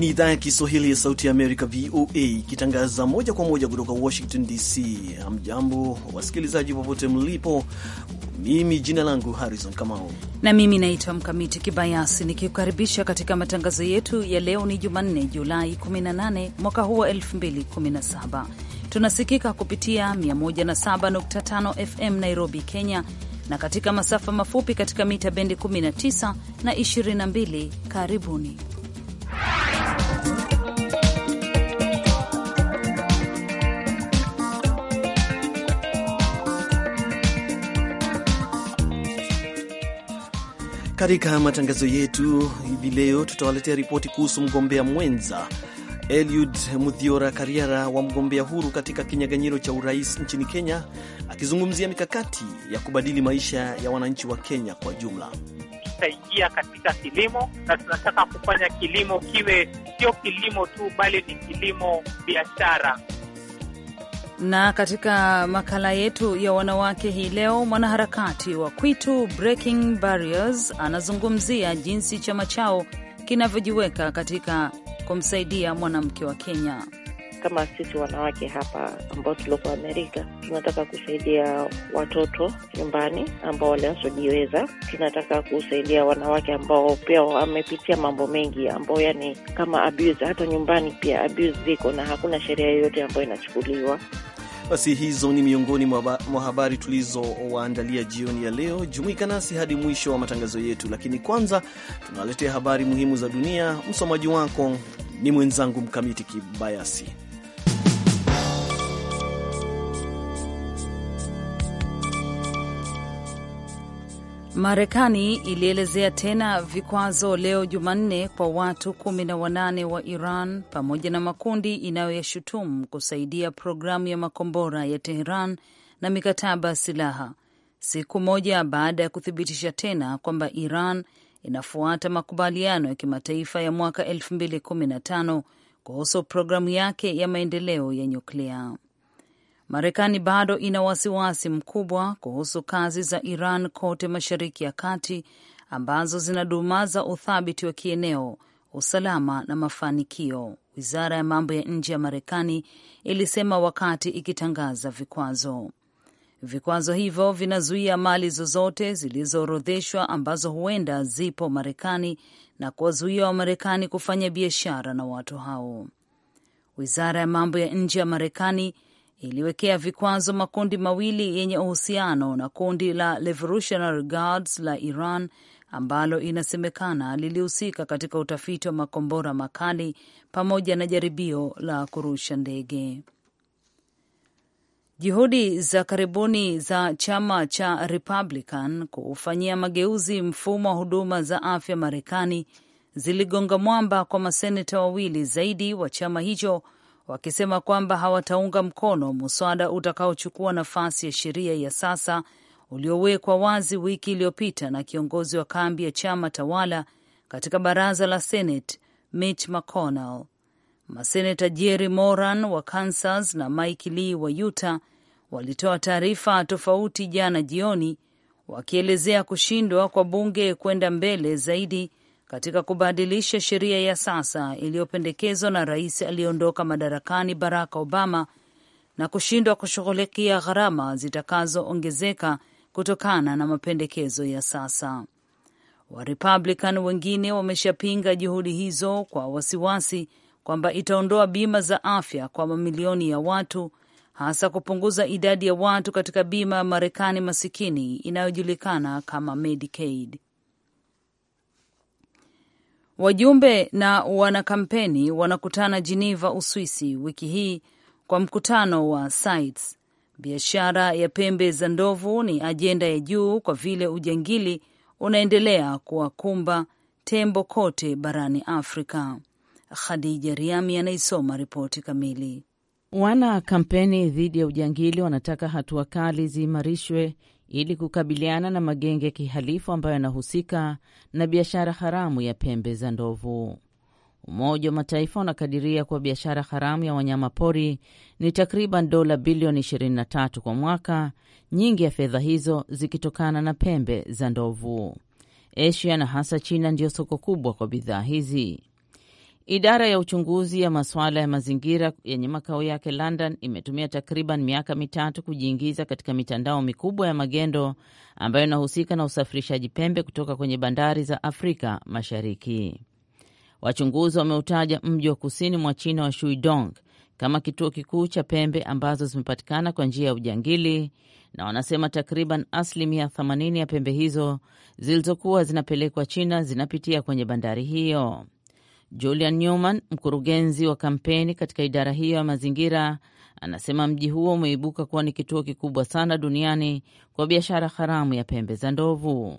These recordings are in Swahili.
Hii ni idhaa ya Kiswahili ya Sauti ya Amerika, VOA, ikitangaza moja kwa moja kutoka Washington DC. Hamjambo wasikilizaji popote mlipo. Mimi jina langu Harrison Kamau na mimi naitwa Mkamiti Kibayasi, nikikukaribisha katika matangazo yetu ya leo. Ni Jumanne, Julai 18 mwaka huu wa 2017. Tunasikika kupitia 107.5 FM Nairobi, Kenya, na katika masafa mafupi katika mita bendi 19 na 22. Karibuni. Katika matangazo yetu hivi leo, tutawaletea ripoti kuhusu mgombea mwenza Eliud Muthiora Kariara wa mgombea huru katika kinyaganyiro cha urais nchini Kenya, akizungumzia mikakati ya kubadili maisha ya wananchi wa Kenya kwa jumla. Tutaingia katika kilimo na tunataka kufanya kilimo kiwe sio kilimo tu, bali ni kilimo biashara. Na katika makala yetu ya wanawake hii leo, mwanaharakati wa Kwitu Breaking Barriers anazungumzia jinsi chama chao kinavyojiweka katika kumsaidia mwanamke wa Kenya kama sisi wanawake hapa ambao tulioko Amerika tunataka kusaidia watoto nyumbani ambao waliwasiojiweza. Tunataka kusaidia wanawake ambao pia wamepitia mambo mengi, ambao yani kama abuse, hata nyumbani pia abuse ziko na hakuna sheria yoyote ambayo inachukuliwa. Basi hizo ni miongoni mwa habari tulizowaandalia jioni ya leo. Jumuika nasi hadi mwisho wa matangazo yetu, lakini kwanza tunawaletea habari muhimu za dunia. Msomaji wako ni mwenzangu Mkamiti Kibayasi. Marekani ilielezea tena vikwazo leo Jumanne kwa watu kumi na wanane wa Iran pamoja na makundi inayoyashutumu kusaidia programu ya makombora ya Teheran na mikataba ya silaha, siku moja baada ya kuthibitisha tena kwamba Iran inafuata makubaliano ya kimataifa ya mwaka 2015 kuhusu programu yake ya maendeleo ya nyuklia. Marekani bado ina wasiwasi mkubwa kuhusu kazi za Iran kote Mashariki ya Kati ambazo zinadumaza uthabiti wa kieneo, usalama na mafanikio, wizara ya mambo ya nje ya Marekani ilisema wakati ikitangaza vikwazo. Vikwazo hivyo vinazuia mali zozote zilizoorodheshwa ambazo huenda zipo Marekani na kuwazuia Wamarekani kufanya biashara na watu hao. Wizara ya mambo ya nje ya Marekani iliwekea vikwazo makundi mawili yenye uhusiano na kundi la Revolutionary Guards la Iran ambalo inasemekana lilihusika katika utafiti wa makombora makali pamoja na jaribio la kurusha ndege. Juhudi za karibuni za chama cha Republican kufanyia mageuzi mfumo wa huduma za afya Marekani ziligonga mwamba kwa maseneta wawili zaidi wa chama hicho wakisema kwamba hawataunga mkono muswada utakaochukua nafasi ya sheria ya sasa uliowekwa wazi wiki iliyopita na kiongozi wa kambi ya chama tawala katika baraza la Senate Mitch McConnell. Maseneta Jerry Moran wa Kansas na Mike Lee wa Utah walitoa taarifa tofauti jana jioni wakielezea kushindwa kwa bunge kwenda mbele zaidi katika kubadilisha sheria ya sasa iliyopendekezwa na rais aliyeondoka madarakani Barack Obama na kushindwa kushughulikia gharama zitakazoongezeka kutokana na mapendekezo ya sasa. Warepublican wengine wameshapinga juhudi hizo kwa wasiwasi kwamba itaondoa bima za afya kwa mamilioni ya watu, hasa kupunguza idadi ya watu katika bima ya Marekani masikini inayojulikana kama Medicaid. Wajumbe na wanakampeni wanakutana Geneva, Uswisi, wiki hii kwa mkutano wa CITES. Biashara ya pembe za ndovu ni ajenda ya juu kwa vile ujangili unaendelea kuwakumba tembo kote barani Afrika. Khadija Riami anaisoma ripoti kamili. Wana kampeni dhidi ya ujangili wanataka hatua kali ziimarishwe ili kukabiliana na magenge ya kihalifu ambayo yanahusika na biashara haramu ya pembe za ndovu. Umoja wa Mataifa unakadiria kuwa biashara haramu ya wanyama pori ni takriban dola bilioni 23 kwa mwaka, nyingi ya fedha hizo zikitokana na pembe za ndovu. Asia na hasa China ndiyo soko kubwa kwa bidhaa hizi. Idara ya uchunguzi ya masuala ya mazingira yenye makao yake London imetumia takriban miaka mitatu kujiingiza katika mitandao mikubwa ya magendo ambayo inahusika na usafirishaji pembe kutoka kwenye bandari za Afrika Mashariki. Wachunguzi wameutaja mji wa kusini mwa China wa Shuidong kama kituo kikuu cha pembe ambazo zimepatikana kwa njia ya ujangili, na wanasema takriban asilimia 80 ya pembe hizo zilizokuwa zinapelekwa China zinapitia kwenye bandari hiyo. Julian Newman, mkurugenzi wa kampeni katika idara hiyo ya mazingira, anasema mji huo umeibuka kuwa ni kituo kikubwa sana duniani kwa biashara haramu ya pembe za ndovu,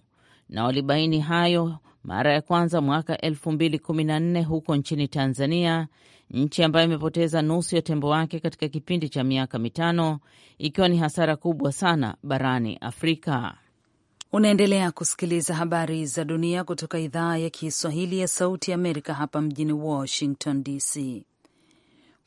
na walibaini hayo mara ya kwanza mwaka 2014 huko nchini Tanzania, nchi ambayo imepoteza nusu ya tembo wake katika kipindi cha miaka mitano, ikiwa ni hasara kubwa sana barani Afrika. Unaendelea kusikiliza habari za dunia kutoka idhaa ya Kiswahili ya Sauti ya Amerika hapa mjini Washington DC.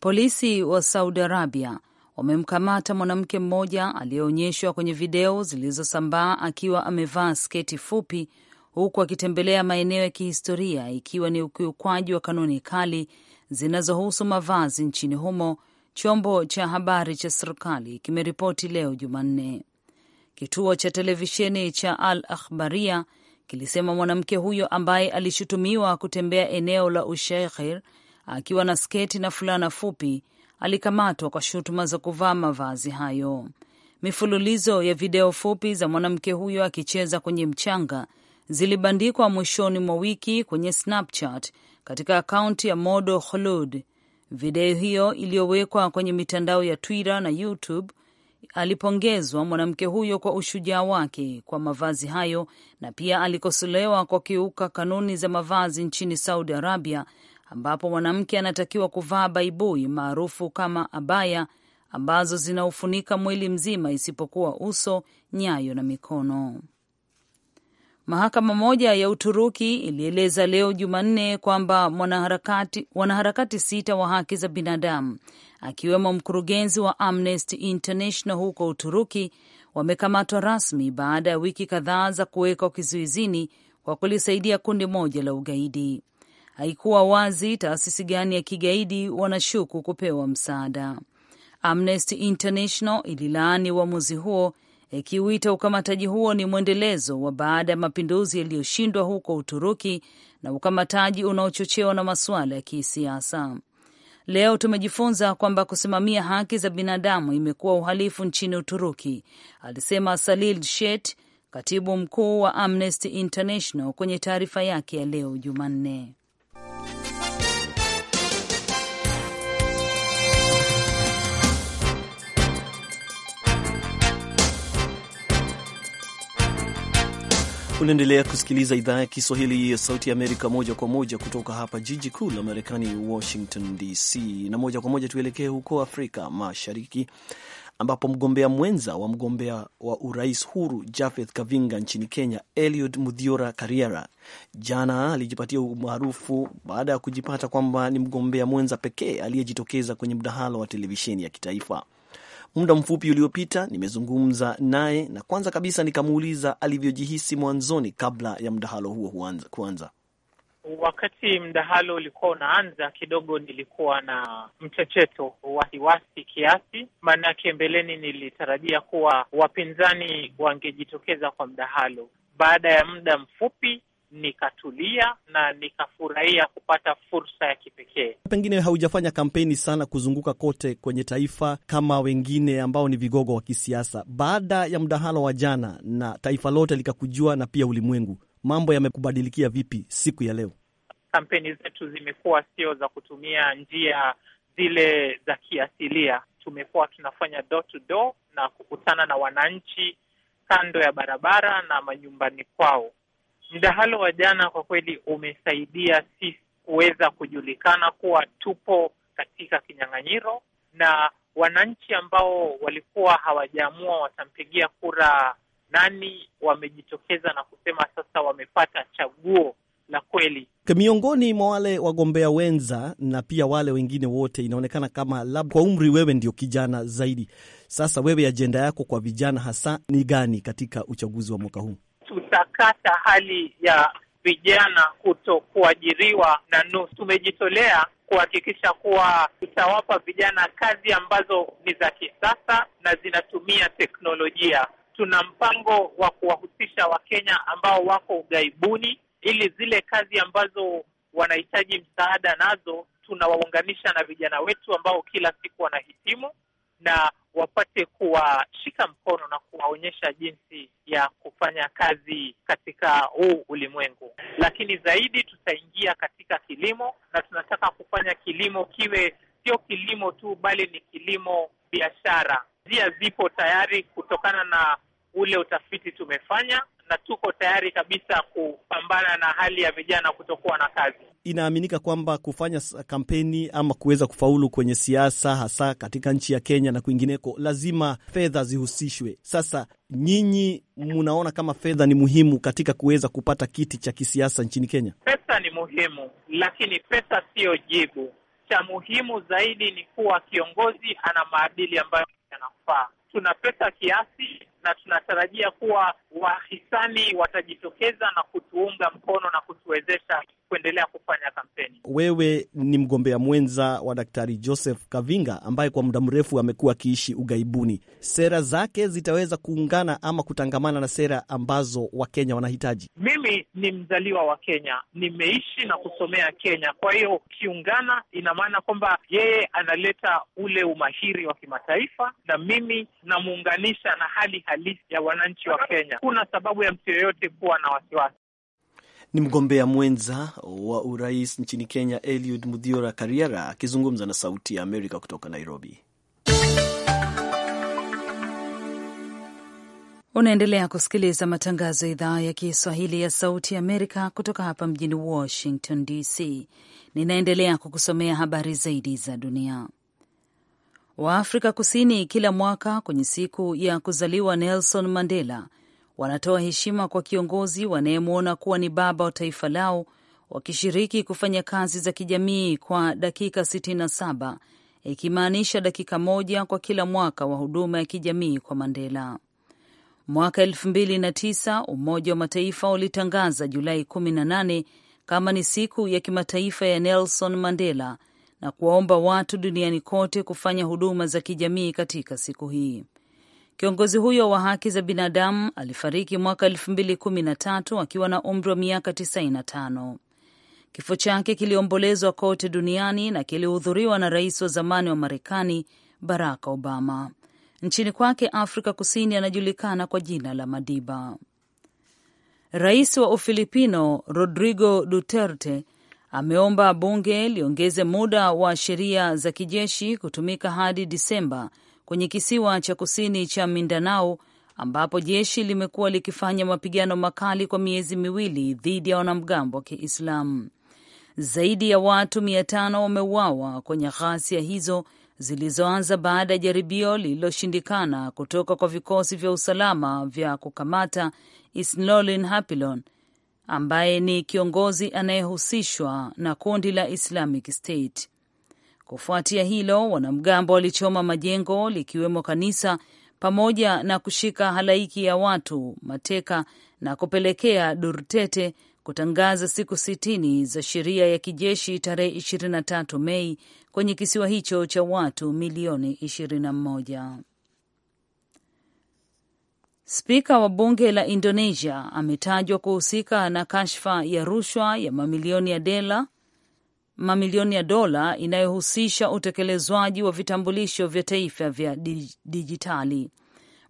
Polisi wa Saudi Arabia wamemkamata mwanamke mmoja aliyeonyeshwa kwenye video zilizosambaa akiwa amevaa sketi fupi huku akitembelea maeneo ya kihistoria ikiwa ni ukiukwaji wa kanuni kali zinazohusu mavazi nchini humo, chombo cha habari cha serikali kimeripoti leo Jumanne. Kituo cha televisheni cha Al Akhbaria kilisema mwanamke huyo ambaye alishutumiwa kutembea eneo la Ushekhir akiwa na sketi na fulana fupi alikamatwa kwa shutuma za kuvaa mavazi hayo. Mifululizo ya video fupi za mwanamke huyo akicheza kwenye mchanga zilibandikwa mwishoni mwa wiki kwenye Snapchat katika akaunti ya Modo Khulud. Video hiyo iliyowekwa kwenye mitandao ya Twitter na YouTube alipongezwa mwanamke huyo kwa ushujaa wake kwa mavazi hayo na pia alikosolewa kwa kiuka kanuni za mavazi nchini Saudi Arabia ambapo mwanamke anatakiwa kuvaa baibui maarufu kama abaya ambazo zinaufunika mwili mzima isipokuwa uso, nyayo na mikono. Mahakama moja ya Uturuki ilieleza leo Jumanne kwamba wanaharakati, wanaharakati sita wa haki za binadamu akiwemo mkurugenzi wa Amnesty International huko Uturuki wamekamatwa rasmi baada ya wiki kadhaa za kuwekwa kizuizini kwa kulisaidia kundi moja la ugaidi. Haikuwa wazi taasisi gani ya kigaidi wanashuku kupewa msaada. Amnesty International ililaani uamuzi huo ikiuita ukamataji huo ni mwendelezo wa baada ya mapinduzi yaliyoshindwa huko Uturuki na ukamataji unaochochewa na masuala ya kisiasa. Leo tumejifunza kwamba kusimamia haki za binadamu imekuwa uhalifu nchini Uturuki, alisema Salil Shet, katibu mkuu wa Amnesty International kwenye taarifa yake ya leo Jumanne. Unaendelea kusikiliza idhaa ya Kiswahili ya Sauti ya Amerika moja kwa moja kutoka hapa jiji kuu la Marekani, Washington DC. Na moja kwa moja tuelekee huko Afrika Mashariki, ambapo mgombea mwenza wa mgombea wa urais huru Jafeth Kavinga nchini Kenya, Eliud Mudhiora Kariera, jana alijipatia umaarufu baada ya kujipata kwamba ni mgombea mwenza pekee aliyejitokeza kwenye mdahalo wa televisheni ya kitaifa. Muda mfupi uliopita nimezungumza naye na kwanza kabisa nikamuuliza alivyojihisi mwanzoni kabla ya mdahalo huo kuanza. Wakati mdahalo ulikuwa unaanza, kidogo nilikuwa na mchecheto, wasiwasi kiasi, maanake mbeleni nilitarajia kuwa wapinzani wangejitokeza kwa mdahalo. Baada ya muda mfupi nikatulia na nikafurahia kupata fursa ya kipekee. Pengine haujafanya kampeni sana kuzunguka kote kwenye taifa kama wengine ambao ni vigogo wa kisiasa. Baada ya mdahalo wa jana na taifa lote likakujua na pia ulimwengu, mambo yamekubadilikia vipi siku ya leo? Kampeni zetu zimekuwa sio za kutumia njia zile za kiasilia. Tumekuwa tunafanya door to door na kukutana na wananchi kando ya barabara na manyumbani kwao Mdahalo wa jana kwa kweli umesaidia sisi kuweza kujulikana kuwa tupo katika kinyang'anyiro, na wananchi ambao walikuwa hawajaamua watampigia kura nani wamejitokeza na kusema sasa wamepata chaguo la kweli. Miongoni mwa wale wagombea wenza na pia wale wengine wote, inaonekana kama labda kwa umri wewe ndio kijana zaidi. Sasa wewe, ajenda yako kwa vijana hasa ni gani katika uchaguzi wa mwaka huu? tutakata hali ya vijana kuto kuajiriwa na nusu. Tumejitolea kuhakikisha kuwa tutawapa vijana kazi ambazo ni za kisasa na zinatumia teknolojia. Tuna mpango wa kuwahusisha Wakenya ambao wako ughaibuni, ili zile kazi ambazo wanahitaji msaada nazo tunawaunganisha na vijana wetu ambao kila siku wanahitimu, na wapate kuwashika mkono na kuwaonyesha jinsi ya kufanya kazi katika huu ulimwengu. Lakini zaidi tutaingia katika kilimo, na tunataka kufanya kilimo kiwe sio kilimo tu, bali ni kilimo biashara. Njia zipo tayari kutokana na ule utafiti tumefanya, na tuko tayari kabisa kupambana na hali ya vijana kutokuwa na kazi inaaminika kwamba kufanya kampeni ama kuweza kufaulu kwenye siasa hasa katika nchi ya Kenya na kwingineko, lazima fedha zihusishwe. Sasa nyinyi mnaona kama fedha ni muhimu katika kuweza kupata kiti cha kisiasa nchini Kenya? Pesa ni muhimu, lakini pesa siyo jibu. Cha muhimu zaidi ni kuwa kiongozi ana maadili ambayo yanafaa. Tuna pesa kiasi na tunatarajia kuwa wahisani watajitokeza na kutuunga mkono na kutuwezesha kuendelea kufanya kampeni. Wewe ni mgombea mwenza wa Daktari Joseph Kavinga ambaye kwa muda mrefu amekuwa akiishi ughaibuni. Sera zake zitaweza kuungana ama kutangamana na sera ambazo Wakenya wanahitaji? Mimi ni mzaliwa wa Kenya, nimeishi na kusomea Kenya, kwa hiyo kiungana, ina maana kwamba yeye analeta ule umahiri wa kimataifa na mimi namuunganisha na hali halisi ya wananchi wa Kenya. Kuna sababu ya mtu yoyote kuwa na wasiwasi. Ni mgombea mwenza wa urais nchini Kenya, Eliud Mudhiora Kariera akizungumza na Sauti ya Amerika kutoka Nairobi. Unaendelea kusikiliza matangazo ya idhaa ya Kiswahili ya Sauti ya Amerika kutoka hapa mjini Washington DC. Ninaendelea kukusomea habari zaidi za dunia. Waafrika Kusini kila mwaka kwenye siku ya kuzaliwa Nelson Mandela wanatoa heshima kwa kiongozi wanayemwona kuwa ni baba wa taifa lao, wakishiriki kufanya kazi za kijamii kwa dakika 67 ikimaanisha dakika moja kwa kila mwaka wa huduma ya kijamii kwa Mandela. Mwaka 2009 Umoja wa Mataifa ulitangaza Julai 18 kama ni siku ya kimataifa ya Nelson Mandela na kuwaomba watu duniani kote kufanya huduma za kijamii katika siku hii. Kiongozi huyo wa haki za binadamu alifariki mwaka 2013 akiwa na umri wa miaka 95. Kifo chake kiliombolezwa kote duniani na kilihudhuriwa na rais wa zamani wa Marekani Barack Obama. Nchini kwake Afrika Kusini anajulikana kwa jina la Madiba. Rais wa Ufilipino Rodrigo Duterte ameomba bunge liongeze muda wa sheria za kijeshi kutumika hadi Disemba kwenye kisiwa cha kusini cha Mindanao ambapo jeshi limekuwa likifanya mapigano makali kwa miezi miwili dhidi ya wanamgambo wa Kiislamu. Zaidi ya watu mia tano wameuawa kwenye ghasia hizo zilizoanza baada ya jaribio lililoshindikana kutoka kwa vikosi vya usalama vya kukamata Isnlolin Hapilon ambaye ni kiongozi anayehusishwa na kundi la Islamic State. Kufuatia hilo, wanamgambo walichoma majengo likiwemo kanisa pamoja na kushika halaiki ya watu mateka na kupelekea Durtete kutangaza siku sitini za sheria ya kijeshi tarehe 23 Mei kwenye kisiwa hicho cha watu milioni 21. Spika wa bunge la Indonesia ametajwa kuhusika na kashfa ya rushwa ya mamilioni ya dela mamilioni ya dola inayohusisha utekelezwaji wa vitambulisho vya taifa vya dijitali.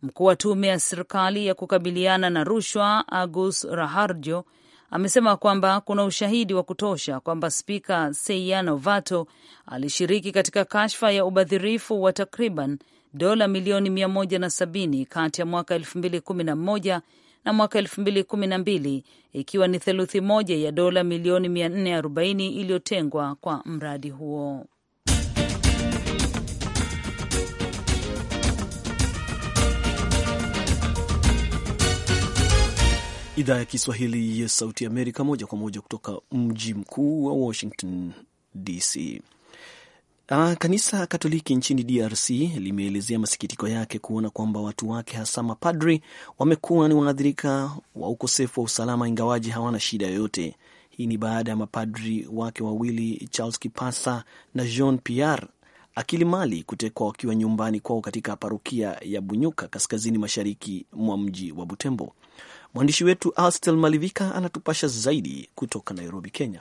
Mkuu wa tume ya serikali ya kukabiliana na rushwa Agus Raharjo amesema kwamba kuna ushahidi wa kutosha kwamba spika Seiya Novato alishiriki katika kashfa ya ubadhirifu wa takriban dola milioni 170 kati ya mwaka 2011 na mwaka 2012 ikiwa ni theluthi moja ya dola milioni 440 iliyotengwa kwa mradi huo. Idhaa ya Kiswahili ya Sauti Amerika, moja kwa moja kutoka mji mkuu wa Washington DC. Uh, kanisa Katoliki nchini DRC limeelezea masikitiko yake kuona kwamba watu wake hasa mapadri wamekuwa ni waathirika wa ukosefu wa usalama ingawaji hawana shida yoyote. Hii ni baada ya mapadri wake wawili Charles Kipasa na Jean Pierre Akilimali kutekwa wakiwa nyumbani kwao katika parokia ya Bunyuka kaskazini mashariki mwa mji wa Butembo. Mwandishi wetu Astel Malivika anatupasha zaidi kutoka Nairobi, Kenya.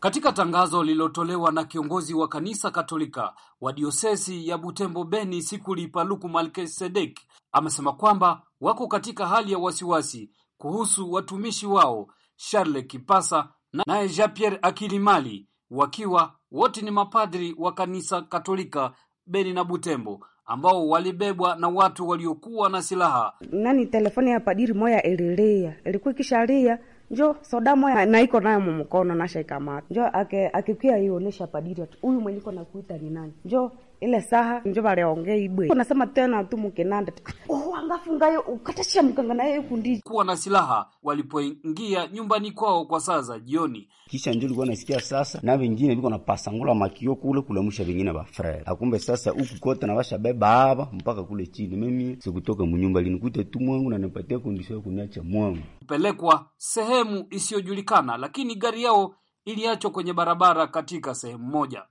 Katika tangazo lililotolewa na kiongozi wa kanisa Katolika wa diosesi ya Butembo Beni, Sikuli Paluku Malkisedek, amesema kwamba wako katika hali ya wasiwasi kuhusu watumishi wao Charles Kipasa naye Jean Pierre Akilimali, wakiwa wote ni mapadri wa kanisa Katolika Beni na Butembo ambao walibebwa na watu waliokuwa na silaha. Nani telefoni ya padiri moya ililia, ilikuwa lia njo soda moya na iko nayo mumukono nasha njo akikuya ionesha padiri, huyu mwenye iko nakuita ni nani? njo ile saha njo waliongea ibwe unasema tena tu mkenanda oh angafungayo ukatashia mkanga naye yuko kuwa na silaha walipoingia nyumbani kwao kwa saa za jioni. Kisha ndio ulikuwa nasikia sasa na wengine biko pasangula makio kule kulemusha vingine ba frere akumbe sasa huku kote na basha beba hapa mpaka kule chini. Mimi sikutoka mnyumba linikute tu mwangu na nipatie kondisho ya kuniacha mwangu pelekwa sehemu isiyojulikana, lakini gari yao iliachwa kwenye barabara katika sehemu moja.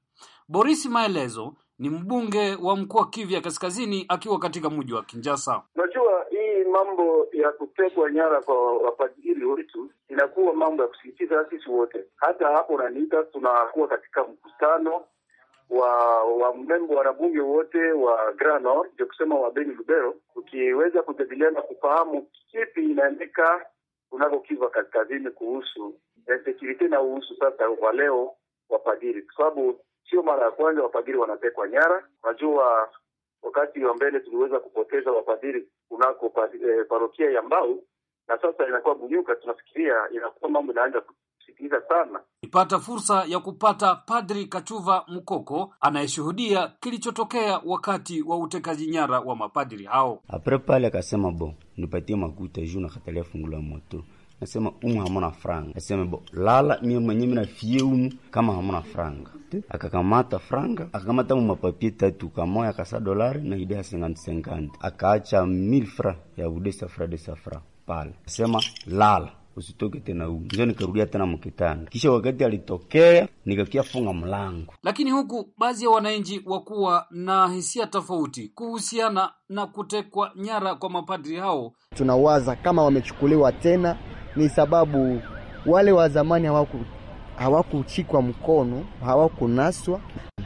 Boris Maelezo ni mbunge wa mkoa Kivya Kaskazini akiwa katika mji wa Kinjasa. Unajua, hii mambo ya kutekwa nyara kwa wafadhili wetu inakuwa mambo ya kusikitiza sisi wote. Hata hapo unaniita, tunakuwa katika mkutano wa wa membo wanabunge wote wa Grand Nord, ndio kusema wa Beni Lubero, ukiweza kujadiliana kufahamu kipi inaendeka unakokiva kaskazini kuhusu insecurity eh, na uhusu sasa wa leo wapadiri, kwa sababu Sio mara ya kwanza wafadhili wanatekwa nyara. Najua wakati wa mbele tuliweza kupoteza wafadhili kunako eh, parokia ya Mbau, na sasa inakuwa Bunyuka. Tunafikiria inakuwa mambo inaanza kusikiliza sana. Nipata fursa ya kupata Padri Kachuva Mkoko anayeshuhudia kilichotokea wakati wa utekaji nyara wa mapadri hao. Apre pale akasema, bo nipatie makuta juu na katalia fungula moto nasema umu hamuna franga, nasema bo lala mie mwenye mina fie umu kama hamuna franga. Akakamata franga akakamata mu mapapie tatu, kamoya kasa dolari na ide ya sengante sengante, akaacha mil fra ya udesa fra desa fra pale, nasema lala usitoke tena huu Ndio nikarudia tena mkitanda, kisha wakati alitokea nikakia funga mlango. Lakini huku baadhi ya wananchi wakuwa na hisia tofauti kuhusiana na kutekwa nyara kwa mapadri hao, tunawaza kama wamechukuliwa tena ni sababu wale wa zamani hawakuchikwa mkono, hawakunaswa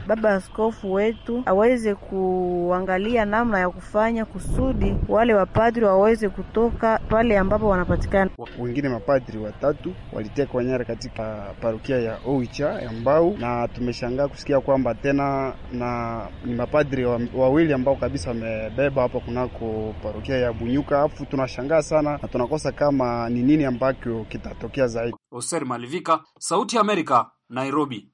baba askofu wetu aweze kuangalia namna ya kufanya kusudi wale wapadri waweze kutoka pale ambapo wanapatikana. Wengine mapadri watatu walitekwa nyara katika parokia ya Oicha ya Mbau, na tumeshangaa kusikia kwamba tena na ni mapadri wawili ambao kabisa wamebeba hapa kunako parokia ya Bunyuka, afu tunashangaa sana na tunakosa kama ni nini ambacho kitatokea zaidi. Oser Malivika, Sauti ya Amerika, Nairobi.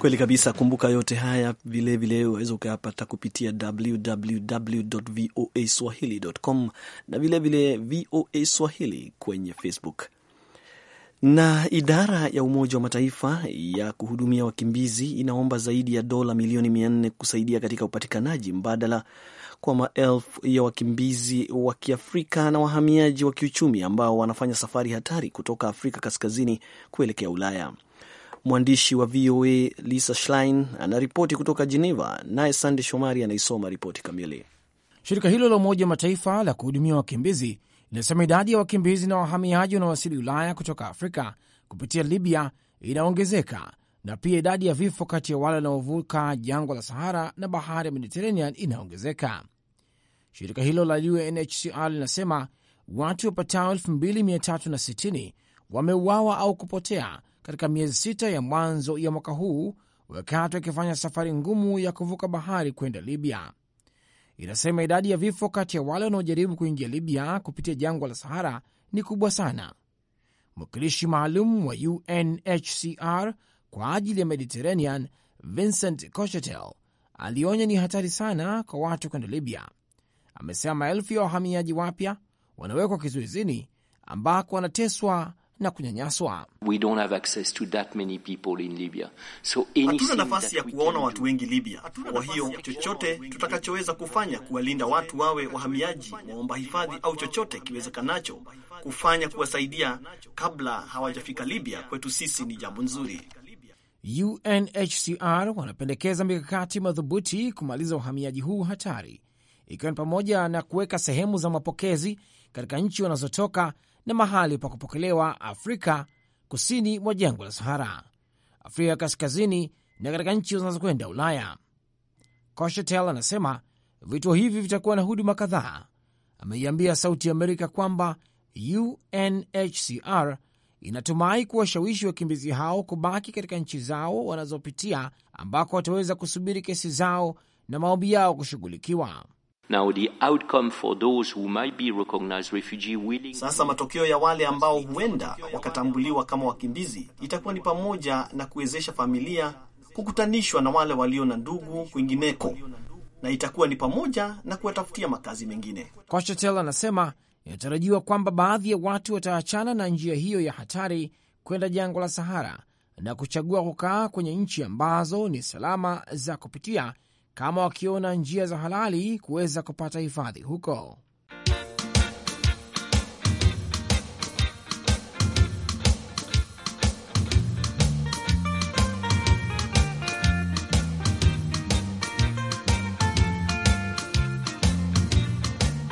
Kweli kabisa. Kumbuka yote haya vilevile waweza ukayapata kupitia www voa swahilicom na vilevile VOA Swahili kwenye Facebook. Na idara ya Umoja wa Mataifa ya kuhudumia wakimbizi inaomba zaidi ya dola milioni mia nne kusaidia katika upatikanaji mbadala kwa maelfu ya wakimbizi wa Kiafrika na wahamiaji wa kiuchumi ambao wanafanya safari hatari kutoka Afrika Kaskazini kuelekea Ulaya. Mwandishi wa VOA Lisa Schlein anaripoti kutoka Geneva, naye Sande Shomari anaisoma ripoti kamili. Shirika hilo la Umoja wa Mataifa la kuhudumia wakimbizi linasema idadi ya wakimbizi na wahamiaji wanaowasili Ulaya kutoka Afrika kupitia Libya inaongezeka na pia idadi ya vifo kati ya wale wanaovuka jangwa la Sahara na bahari ya Mediterranean inaongezeka. Shirika hilo la UNHCR linasema watu wapatao 2360 wameuawa au kupotea katika miezi sita ya mwanzo ya mwaka huu, wakati wakifanya safari ngumu ya kuvuka bahari kwenda Libya. Inasema idadi ya vifo kati ya wale wanaojaribu kuingia Libya kupitia jangwa la Sahara ni kubwa sana. Mwakilishi maalum wa UNHCR kwa ajili ya Mediterranean Vincent Cochetel alionya ni hatari sana kwa watu kwenda Libya. Amesema maelfu ya wahamiaji wapya wanawekwa kizuizini ambako wanateswa na kunyanyaswa. So hatuna nafasi ya kuwaona watu wengi Libya. Kwa hiyo chochote tutakachoweza kufanya kuwalinda watu wawe wahamiaji, waomba hifadhi au chochote kiwezekanacho kufanya kuwasaidia kabla hawajafika Libya, kwetu sisi ni jambo nzuri. UNHCR wanapendekeza mikakati madhubuti kumaliza uhamiaji huu hatari, ikiwa ni pamoja na kuweka sehemu za mapokezi katika nchi wanazotoka na mahali pa kupokelewa Afrika kusini mwa jangwa la Sahara, Afrika ya kaskazini na katika nchi zinazokwenda Ulaya. Koshetel anasema vituo hivi vitakuwa na huduma kadhaa. Ameiambia Sauti Amerika kwamba UNHCR inatumai kuwashawishi wakimbizi hao kubaki katika nchi zao wanazopitia ambako wataweza kusubiri kesi zao na maombi yao kushughulikiwa. Sasa matokeo ya wale ambao huenda wakatambuliwa kama wakimbizi itakuwa ni pamoja na kuwezesha familia kukutanishwa na wale walio na ndugu kwingineko, na itakuwa ni pamoja na kuwatafutia makazi mengine. Kochetel anasema inatarajiwa kwamba baadhi ya watu wataachana na njia hiyo ya hatari kwenda jangwa la Sahara na kuchagua kukaa kwenye nchi ambazo ni salama za kupitia kama wakiona njia za halali kuweza kupata hifadhi huko.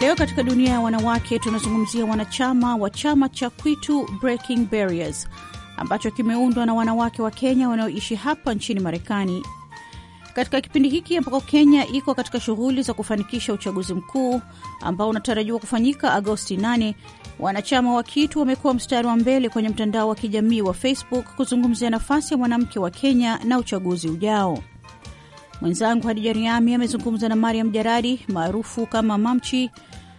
Leo katika dunia ya wanawake tunazungumzia wanachama wa chama cha Kwitu Breaking Barriers ambacho kimeundwa na wanawake wa Kenya wanaoishi hapa nchini Marekani katika kipindi hiki ambako Kenya iko katika shughuli za kufanikisha uchaguzi mkuu ambao unatarajiwa kufanyika Agosti 8, wanachama wa KITU wamekuwa mstari wa mbele kwenye mtandao wa kijamii wa Facebook kuzungumzia nafasi ya mwanamke wa Kenya na uchaguzi ujao. Mwenzangu Hadija Riami amezungumza na Mariam Jaradi maarufu kama Mamchi,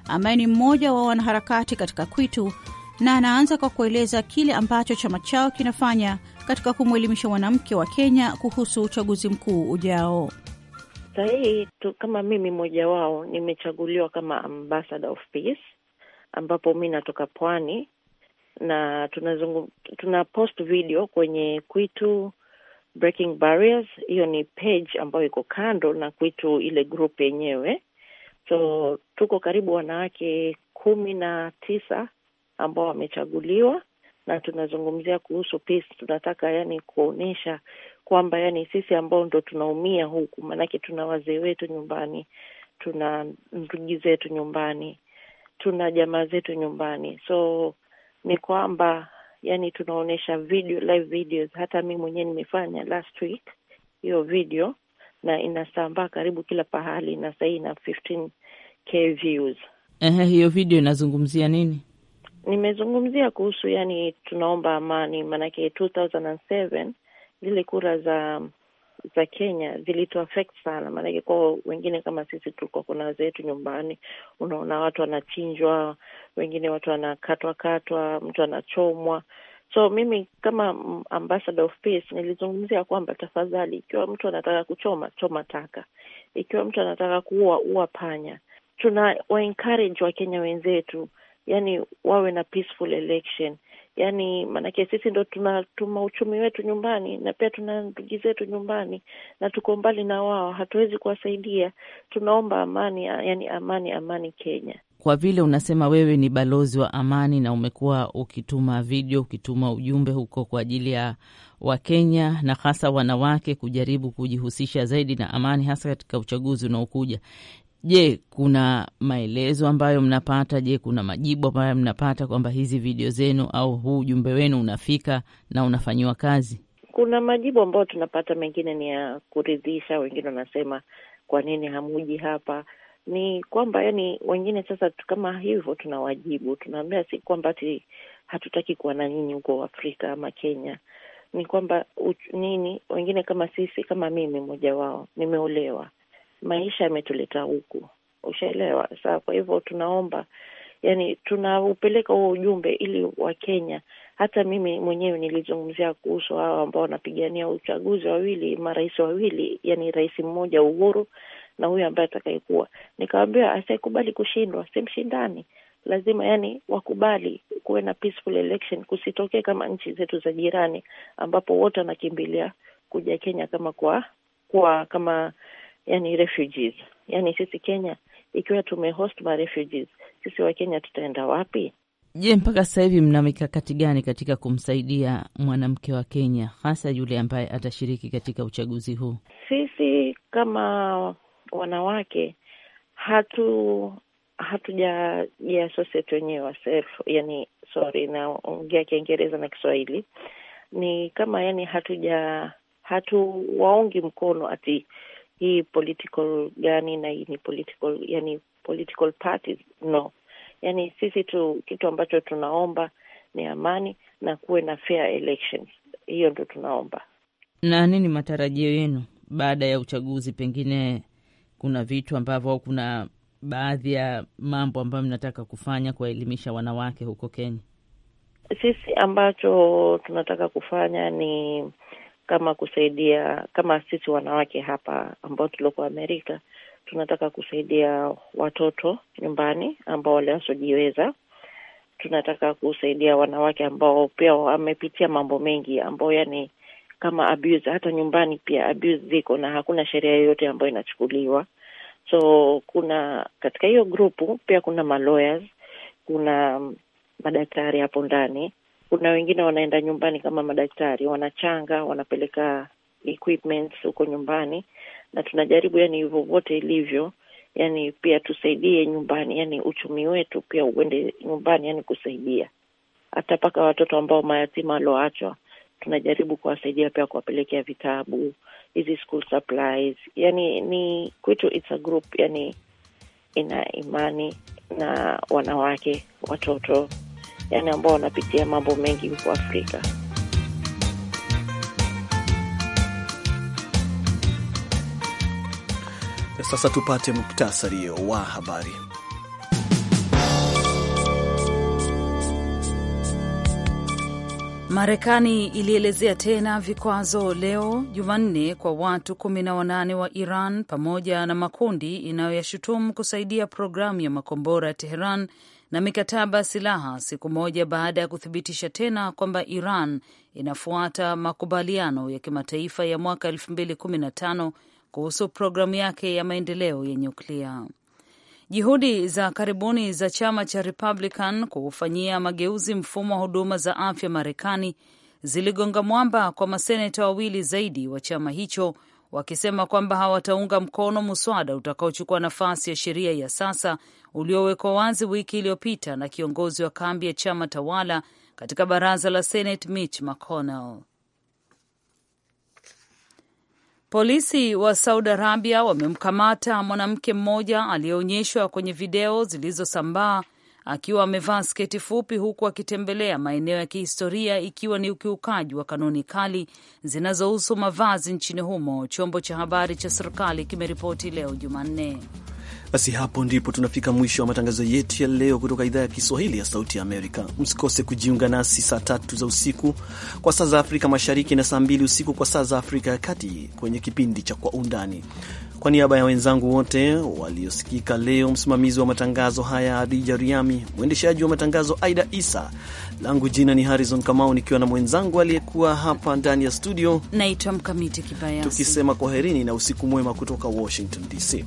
ambaye ni mmoja wa wanaharakati katika kwitu na anaanza kwa kueleza kile ambacho chama chao kinafanya katika kumwelimisha mwanamke wa Kenya kuhusu uchaguzi mkuu ujao. sahihi tu kama mimi mmoja wao nimechaguliwa kama ambassador of peace, ambapo mi natoka pwani na tunazungu, tuna post video kwenye Kwitu Breaking Barriers. Hiyo ni page ambayo iko kando na Kwitu ile group yenyewe. So tuko karibu wanawake kumi na tisa ambao wamechaguliwa na tunazungumzia kuhusu peace. Tunataka yani kuonyesha kwamba yani sisi ambao ndo tunaumia huku, maanake tuna wazee wetu nyumbani, tuna ndugu zetu nyumbani, tuna jamaa zetu nyumbani, so ni kwamba yani tunaonyesha video, live videos. Hata mi mwenyewe nimefanya last week hiyo video, na inasambaa karibu kila pahali, na sahii ina 15k views. Ehe, hiyo video inazungumzia nini? nimezungumzia kuhusu yani, tunaomba amani, maanake 2007 zile kura za za Kenya zilitu sana, maanake kwa wengine kama sisi tulikuwa kuna zetu nyumbani, unaona watu wanachinjwa, wengine watu wanakatwa katwa, mtu anachomwa. So mimi kama ambassador of peace nilizungumzia kwamba tafadhali, ikiwa mtu anataka kuchoma, choma taka, ikiwa mtu anataka kuua, ua panya. Tuna wa Wakenya wenzetu yani wawe na peaceful election. Yani maanake sisi ndo tunatuma uchumi wetu nyumbani na pia tuna ndugu zetu nyumbani na tuko mbali na wao, hatuwezi kuwasaidia. Tunaomba amani, yani amani, amani Kenya. Kwa vile unasema wewe ni balozi wa amani na umekuwa ukituma video, ukituma ujumbe huko kwa ajili ya Wakenya na hasa wanawake kujaribu kujihusisha zaidi na amani, hasa katika uchaguzi unaokuja, Je, kuna maelezo ambayo mnapata? Je, kuna majibu ambayo mnapata kwamba hizi video zenu au huu ujumbe wenu unafika na unafanyiwa kazi? Kuna majibu ambayo tunapata, mengine ni ya kuridhisha, wengine wanasema kwa nini hamuji hapa? Ni kwamba yani, wengine sasa kama hivyo tunawajibu, tunaambia si kwamba ati hatutaki kuwa na nyinyi huko Afrika ama Kenya, ni kwamba nini, wengine kama sisi, kama mimi mmoja wao nimeolewa maisha yametuleta huku, ushaelewa? Saa kwa hivyo tunaomba yani, tunaupeleka huo ujumbe ili Wakenya. Hata mimi mwenyewe nilizungumzia kuhusu hao ambao wanapigania uchaguzi wawili, marais wawili, yani rais mmoja Uhuru na huyu ambaye atakayekuwa, nikawambia asiyekubali kushindwa simshindani lazima yani wakubali kuwe na peaceful election, kusitokee kama nchi zetu za jirani ambapo wote wanakimbilia kuja Kenya kama kwa, kwa kama yani refugees. Yani sisi Kenya ikiwa tumehost ma refugees, sisi wa Kenya tutaenda wapi? Je, mpaka sasa hivi mna mikakati gani katika kumsaidia mwanamke wa Kenya, hasa yule ambaye atashiriki katika uchaguzi huu? Sisi kama wanawake hatu hatujajiassociate wenyewe self, yani sorry, naongea Kiingereza na Kiswahili ni kama yani hatuja hatuwaungi mkono ati hii political gani na hii ni political yani political parties no. Yani sisi tu kitu ambacho tunaomba ni amani na kuwe na fair elections, hiyo ndo tunaomba. Na nini matarajio yenu baada ya uchaguzi? Pengine kuna vitu ambavyo au kuna baadhi ya mambo ambayo mnataka kufanya kuwaelimisha wanawake huko Kenya? Sisi ambacho tunataka kufanya ni kama kusaidia kama sisi wanawake hapa ambao tulioko Amerika tunataka kusaidia watoto nyumbani ambao waliwasiojiweza. Tunataka kusaidia wanawake ambao pia wamepitia mambo mengi ambao yani kama abuse, hata nyumbani pia abuse ziko na hakuna sheria yoyote ambayo inachukuliwa. So kuna katika hiyo grupu pia kuna ma kuna mm, madaktari hapo ndani kuna wengine wanaenda nyumbani kama madaktari, wanachanga, wanapeleka equipments huko nyumbani, na tunajaribu yani hivyo vote ilivyo, yani pia tusaidie nyumbani, yani uchumi wetu pia uende nyumbani, yani kusaidia hata mpaka watoto ambao mayatima walioachwa tunajaribu kuwasaidia pia kuwapelekea vitabu, hizi school supplies. Yani ni kwetu it's a group, yani ina imani na wanawake, watoto yani ambao wanapitia mambo mengi huko Afrika. Sasa tupate muktasari wa habari. Marekani ilielezea tena vikwazo leo Jumanne kwa watu 18 wa Iran pamoja na makundi inayoyashutumu kusaidia programu ya makombora ya Teheran na mikataba ya silaha, siku moja baada ya kuthibitisha tena kwamba Iran inafuata makubaliano ya kimataifa ya mwaka 2015 kuhusu programu yake ya maendeleo ya nyuklia. Juhudi za karibuni za chama cha Republican kuufanyia mageuzi mfumo wa huduma za afya Marekani ziligonga mwamba kwa maseneta wawili zaidi wa chama hicho wakisema kwamba hawataunga mkono muswada utakaochukua nafasi ya sheria ya sasa uliowekwa wazi wiki iliyopita na kiongozi wa kambi ya chama tawala katika baraza la Senate Mitch McConnell. Polisi wa Saudi Arabia wamemkamata mwanamke mmoja aliyeonyeshwa kwenye video zilizosambaa akiwa amevaa sketi fupi huku akitembelea maeneo ya kihistoria ikiwa ni ukiukaji wa kanuni kali zinazohusu mavazi nchini humo, chombo cha habari cha serikali kimeripoti leo Jumanne. Basi hapo ndipo tunafika mwisho wa matangazo yetu ya leo kutoka idhaa ya Kiswahili ya Sauti ya Amerika. Msikose kujiunga nasi saa tatu za usiku kwa saa za Afrika Mashariki na saa mbili usiku kwa saa za Afrika ya Kati kwenye kipindi cha Kwa Undani. Kwa niaba ya wenzangu wote waliosikika leo, msimamizi wa matangazo haya Adija Riami, mwendeshaji wa matangazo Aida Isa, langu jina ni Harrison Kamau nikiwa na mwenzangu aliyekuwa hapa ndani ya studio, naitwa Mkamiti Kibayasi, tukisema kwaherini na usiku mwema kutoka Washington DC.